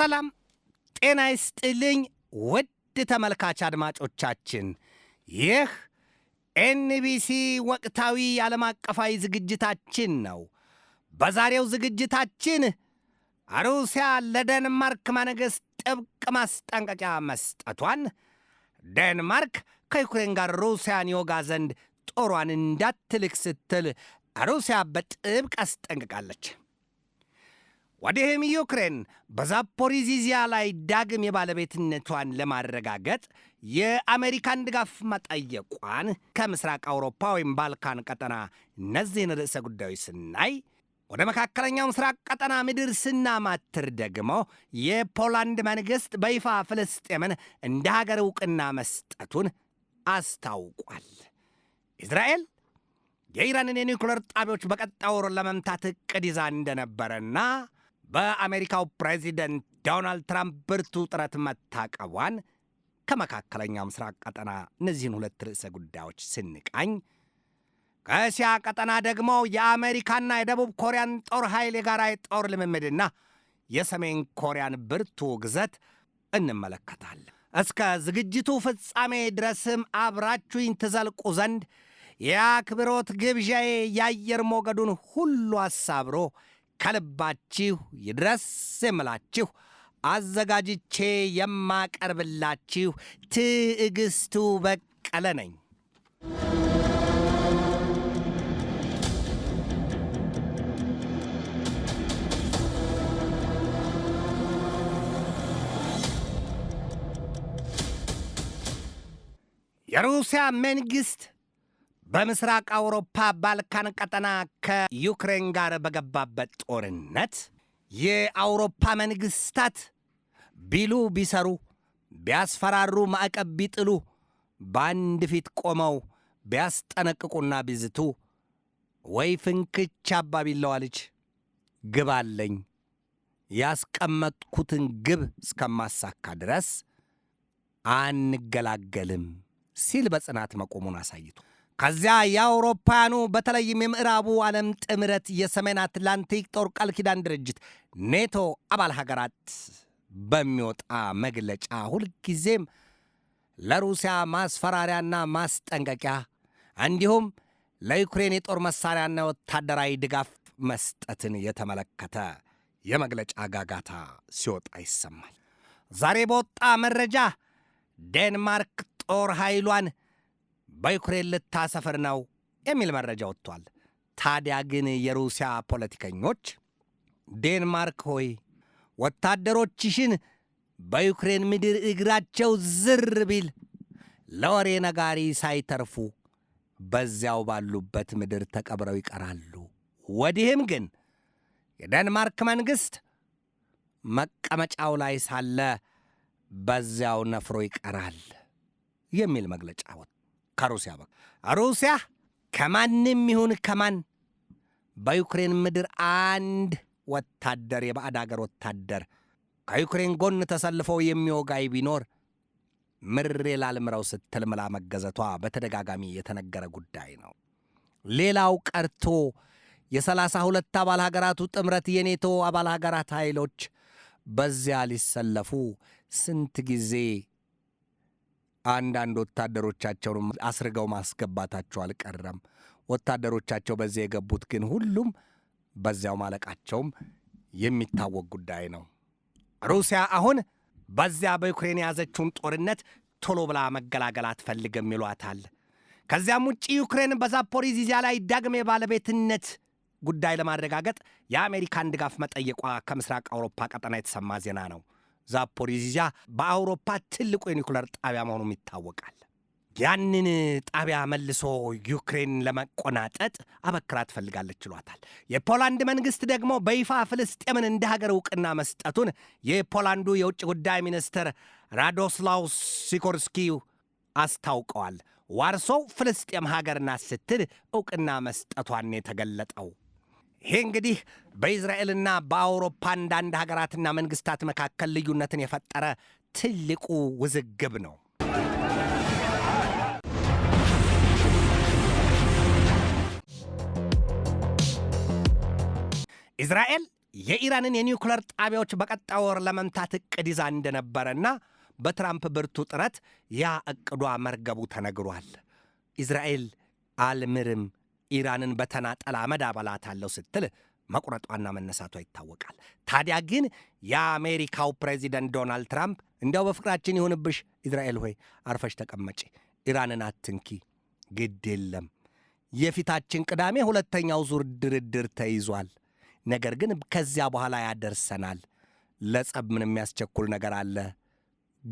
ሰላም ጤና ይስጥልኝ ውድ ተመልካች አድማጮቻችን፣ ይህ ኤንቢሲ ወቅታዊ ዓለም አቀፋዊ ዝግጅታችን ነው። በዛሬው ዝግጅታችን ሩሲያ ለደንማርክ መንግሥት ጥብቅ ማስጠንቀቂያ መስጠቷን፣ ደንማርክ ከዩክሬን ጋር ሩሲያን ይወጋ ዘንድ ጦሯን እንዳትልክ ስትል ሩሲያ በጥብቅ አስጠንቅቃለች። ወዲህም ዩክሬን በዛፖሪዚዚያ ላይ ዳግም የባለቤትነቷን ለማረጋገጥ የአሜሪካን ድጋፍ መጠየቋን ከምስራቅ አውሮፓ ወይም ባልካን ቀጠና እነዚህን ርዕሰ ጉዳዮች ስናይ ወደ መካከለኛው ምስራቅ ቀጠና ምድር ስናማትር ደግሞ የፖላንድ መንግሥት በይፋ ፍልስጤምን እንደ ሀገር ዕውቅና መስጠቱን አስታውቋል። እስራኤል የኢራንን የኒውክሌር ጣቢያዎች በቀጣይ ወር ለመምታት ዕቅድ ይዛ እንደነበረና በአሜሪካው ፕሬዚደንት ዶናልድ ትራምፕ ብርቱ ጥረት መታቀቧን ከመካከለኛው ምስራቅ ቀጠና እነዚህን ሁለት ርዕሰ ጉዳዮች ስንቃኝ ከእስያ ቀጠና ደግሞ የአሜሪካና የደቡብ ኮሪያን ጦር ኃይል የጋራ የጦር ልምምድና የሰሜን ኮሪያን ብርቱ ግዘት እንመለከታለን። እስከ ዝግጅቱ ፍጻሜ ድረስም አብራችሁኝ ትዘልቁ ዘንድ የአክብሮት ግብዣዬ የአየር ሞገዱን ሁሉ አሳብሮ ከልባችሁ ይድረስ የምላችሁ አዘጋጅቼ የማቀርብላችሁ ትዕግስቱ በቀለ ነኝ። የሩሲያ መንግሥት በምስራቅ አውሮፓ ባልካን ቀጠና ከዩክሬን ጋር በገባበት ጦርነት የአውሮፓ መንግስታት ቢሉ ቢሰሩ ቢያስፈራሩ ማዕቀብ ቢጥሉ በአንድ ፊት ቆመው ቢያስጠነቅቁና ቢዝቱ ወይ ፍንክች አባ ቢለዋልች ግብ አለኝ ያስቀመጥኩትን ግብ እስከማሳካ ድረስ አንገላገልም ሲል በጽናት መቆሙን አሳይቶ ከዚያ የአውሮፓውያኑ በተለይም የምዕራቡ ዓለም ጥምረት የሰሜን አትላንቲክ ጦር ቃል ኪዳን ድርጅት ኔቶ አባል ሀገራት በሚወጣ መግለጫ ሁልጊዜም ለሩሲያ ማስፈራሪያና ማስጠንቀቂያ እንዲሁም ለዩክሬን የጦር መሳሪያና ወታደራዊ ድጋፍ መስጠትን የተመለከተ የመግለጫ ጋጋታ ሲወጣ ይሰማል። ዛሬ በወጣ መረጃ ዴንማርክ ጦር ኃይሏን በዩክሬን ልታሰፍር ነው የሚል መረጃ ወጥቷል። ታዲያ ግን የሩሲያ ፖለቲከኞች ዴንማርክ ሆይ ወታደሮችሽን በዩክሬን ምድር እግራቸው ዝር ቢል ለወሬ ነጋሪ ሳይተርፉ በዚያው ባሉበት ምድር ተቀብረው ይቀራሉ። ወዲህም ግን የደንማርክ መንግሥት መቀመጫው ላይ ሳለ በዚያው ነፍሮ ይቀራል የሚል መግለጫ ከሩሲያ በኩል ሩሲያ ከማንም ይሁን ከማን በዩክሬን ምድር አንድ ወታደር የባዕድ አገር ወታደር ከዩክሬን ጎን ተሰልፈው የሚወጋይ ቢኖር ምሬ ላልምረው ስትል ምላ መገዘቷ በተደጋጋሚ የተነገረ ጉዳይ ነው። ሌላው ቀርቶ የሰላሳ ሁለት አባል ሀገራቱ ጥምረት የኔቶ አባል ሀገራት ኃይሎች በዚያ ሊሰለፉ ስንት ጊዜ አንዳንድ ወታደሮቻቸውን አስርገው ማስገባታቸው አልቀረም። ወታደሮቻቸው በዚያ የገቡት ግን ሁሉም በዚያው ማለቃቸውም የሚታወቅ ጉዳይ ነው። ሩሲያ አሁን በዚያ በዩክሬን የያዘችውን ጦርነት ቶሎ ብላ መገላገል አትፈልግም ይሏታል። ከዚያም ውጭ ዩክሬን በዛፖሪዚያ ላይ ዳግም የባለቤትነት ጉዳይ ለማረጋገጥ የአሜሪካን ድጋፍ መጠየቋ ከምስራቅ አውሮፓ ቀጠና የተሰማ ዜና ነው። ዛፖሪዚያ በአውሮፓ ትልቁ የኒኩለር ጣቢያ መሆኑም ይታወቃል። ያንን ጣቢያ መልሶ ዩክሬን ለመቆናጠጥ አበክራ ትፈልጋለች ችሏታል። የፖላንድ መንግስት ደግሞ በይፋ ፍልስጤምን እንደ ሀገር እውቅና መስጠቱን የፖላንዱ የውጭ ጉዳይ ሚኒስትር ራዶስላው ሲኮርስኪ አስታውቀዋል። ዋርሶው ፍልስጤም ሀገር ናት ስትል እውቅና መስጠቷን የተገለጠው ይህ እንግዲህ በእስራኤልና በአውሮፓ አንዳንድ ሀገራትና መንግስታት መካከል ልዩነትን የፈጠረ ትልቁ ውዝግብ ነው። እስራኤል የኢራንን የኒውክለር ጣቢያዎች በቀጣይ ወር ለመምታት እቅድ ይዛ እንደነበረና በትራምፕ ብርቱ ጥረት ያ እቅዷ መርገቡ ተነግሯል። እስራኤል አልምርም ኢራንን በተናጠል አመድ አባላት አለው ስትል መቁረጧና መነሳቷ ይታወቃል። ታዲያ ግን የአሜሪካው ፕሬዚደንት ዶናልድ ትራምፕ እንዲያው በፍቅራችን ይሁንብሽ ኢዝራኤል ሆይ አርፈሽ ተቀመጪ፣ ኢራንን አትንኪ፣ ግድ የለም የፊታችን ቅዳሜ ሁለተኛው ዙር ድርድር ተይዟል። ነገር ግን ከዚያ በኋላ ያደርሰናል። ለጸብ ምን የሚያስቸኩል ነገር አለ?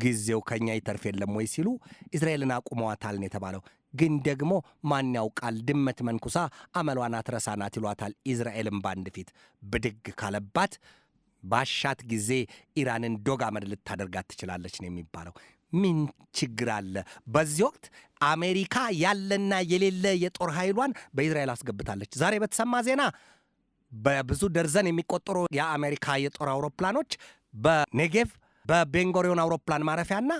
ጊዜው ከእኛ ይተርፍ የለም ወይ ሲሉ ኢዝራኤልን አቁመዋታል ነው የተባለው። ግን ደግሞ ማን ያውቃል ድመት መንኩሳ አመሏን አትረሳናት ይሏታል። ኢዝራኤልን በአንድ ፊት ብድግ ካለባት ባሻት ጊዜ ኢራንን ዶግ አመድ ልታደርጋት ትችላለች ነው የሚባለው። ምን ችግር አለ? በዚህ ወቅት አሜሪካ ያለና የሌለ የጦር ኃይሏን በኢዝራኤል አስገብታለች። ዛሬ በተሰማ ዜና በብዙ ደርዘን የሚቆጠሩ የአሜሪካ የጦር አውሮፕላኖች በኔጌቭ በቤንጎሪዮን አውሮፕላን ማረፊያና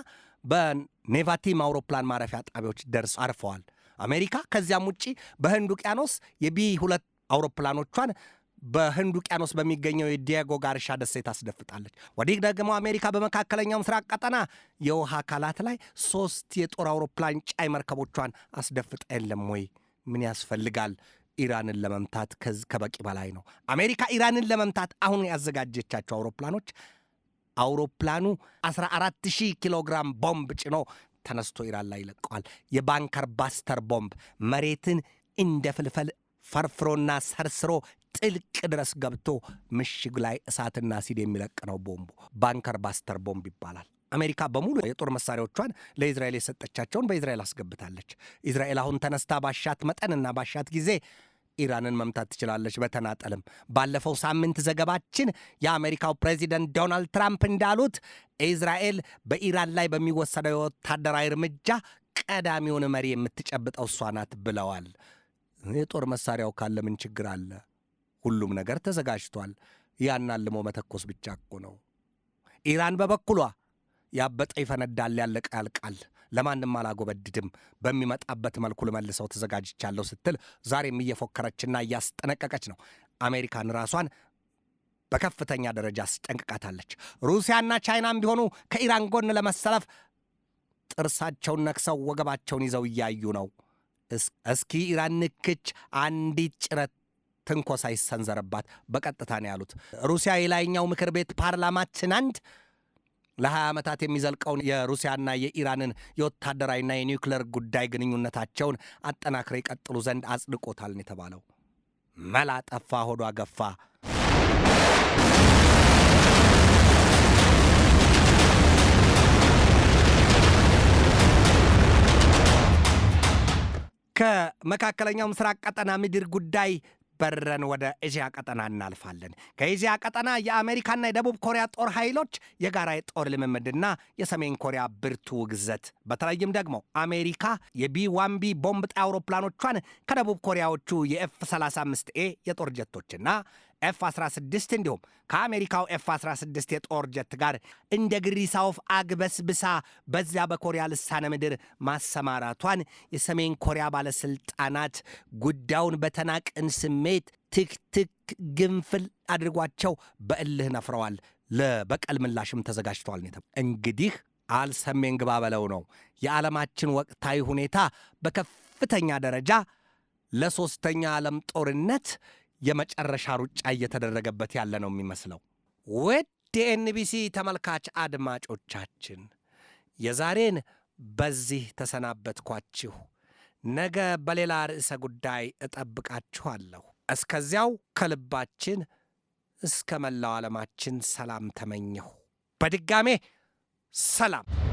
ኔቫቲም አውሮፕላን ማረፊያ ጣቢያዎች ደርስ አርፈዋል። አሜሪካ ከዚያም ውጪ በህንድ ውቅያኖስ የቢ ሁለት አውሮፕላኖቿን በህንድ ውቅያኖስ በሚገኘው የዲያጎ ጋርሻ ደሴት አስደፍጣለች። ወዲህ ደግሞ አሜሪካ በመካከለኛው ምስራቅ ቀጠና የውሃ አካላት ላይ ሶስት የጦር አውሮፕላን ጫይ መርከቦቿን አስደፍጣ የለም ወይ? ምን ያስፈልጋል? ኢራንን ለመምታት ከበቂ በላይ ነው። አሜሪካ ኢራንን ለመምታት አሁን ያዘጋጀቻቸው አውሮፕላኖች አውሮፕላኑ 14000 ኪሎ ግራም ቦምብ ጭኖ ተነስቶ ኢራን ላይ ይለቀዋል። የባንከር ባስተር ቦምብ መሬትን እንደ ፍልፈል ፈርፍሮና ሰርስሮ ጥልቅ ድረስ ገብቶ ምሽግ ላይ እሳትና ሲድ የሚለቅ ነው ቦምቡ። ባንከር ባስተር ቦምብ ይባላል። አሜሪካ በሙሉ የጦር መሳሪያዎቿን ለእስራኤል የሰጠቻቸውን በእስራኤል አስገብታለች። እስራኤል አሁን ተነስታ ባሻት መጠንና ባሻት ጊዜ ኢራንን መምታት ትችላለች። በተናጠልም ባለፈው ሳምንት ዘገባችን የአሜሪካው ፕሬዚደንት ዶናልድ ትራምፕ እንዳሉት እስራኤል በኢራን ላይ በሚወሰደው የወታደራዊ እርምጃ ቀዳሚውን መሪ የምትጨብጠው እሷ ናት ብለዋል። የጦር መሳሪያው ካለ ምን ችግር አለ? ሁሉም ነገር ተዘጋጅቷል። ያን አልሞ መተኮስ ብቻ እኮ ነው። ኢራን በበኩሏ ያበጠ ይፈነዳል፣ ያለቀ ያልቃል ለማንም አላጎበድድም፣ በሚመጣበት መልኩ ልመልሰው ተዘጋጅቻለሁ ስትል ዛሬም እየፎከረችና እያስጠነቀቀች ነው። አሜሪካን ራሷን በከፍተኛ ደረጃ አስጠንቅቃታለች። ሩሲያና ቻይናም ቢሆኑ ከኢራን ጎን ለመሰለፍ ጥርሳቸውን ነክሰው ወገባቸውን ይዘው እያዩ ነው። እስኪ ኢራን ንክች አንዲት ጭረት ትንኮሳ ይሰንዘረባት በቀጥታ ነው ያሉት። ሩሲያ የላይኛው ምክር ቤት ፓርላማ ትናንት ለ20 ዓመታት የሚዘልቀውን የሩሲያና የኢራንን የወታደራዊና የኒውክሌር ጉዳይ ግንኙነታቸውን አጠናክረ ይቀጥሉ ዘንድ አጽድቆታል ነው የተባለው። መላ ጠፋ፣ ሆዷ ገፋ። ከመካከለኛው ምስራቅ ቀጠና ምድር ጉዳይ በረን ወደ እዚያ ቀጠና እናልፋለን። ከኤዥያ ቀጠና የአሜሪካና የደቡብ ኮሪያ ጦር ኃይሎች የጋራ የጦር ልምምድና የሰሜን ኮሪያ ብርቱ ውግዘት፣ በተለይም ደግሞ አሜሪካ የቢ 1 ቦምብ ጣይ አውሮፕላኖቿን ከደቡብ ኮሪያዎቹ የኤፍ 35 ኤ የጦር ጀቶችና ኤፍ 16 እንዲሁም ከአሜሪካው ኤፍ 16 የጦር ጀት ጋር እንደ ግሪሳውፍ አግበስብሳ በዚያ በኮሪያ ልሳነ ምድር ማሰማራቷን የሰሜን ኮሪያ ባለስልጣናት ጉዳዩን በተናቅን ስሜት ትክትክ ግንፍል አድርጓቸው በእልህ ነፍረዋል። ለበቀል ምላሽም ተዘጋጅተዋል። እንግዲህ አልሰሜን ግባ በለው ነው። የዓለማችን ወቅታዊ ሁኔታ በከፍተኛ ደረጃ ለሶስተኛ ዓለም ጦርነት የመጨረሻ ሩጫ እየተደረገበት ያለ ነው የሚመስለው። ውድ የኤንቢሲ ተመልካች አድማጮቻችን የዛሬን በዚህ ተሰናበትኳችሁ። ነገ በሌላ ርዕሰ ጉዳይ እጠብቃችኋለሁ። እስከዚያው ከልባችን እስከ መላው ዓለማችን ሰላም ተመኘሁ። በድጋሜ ሰላም።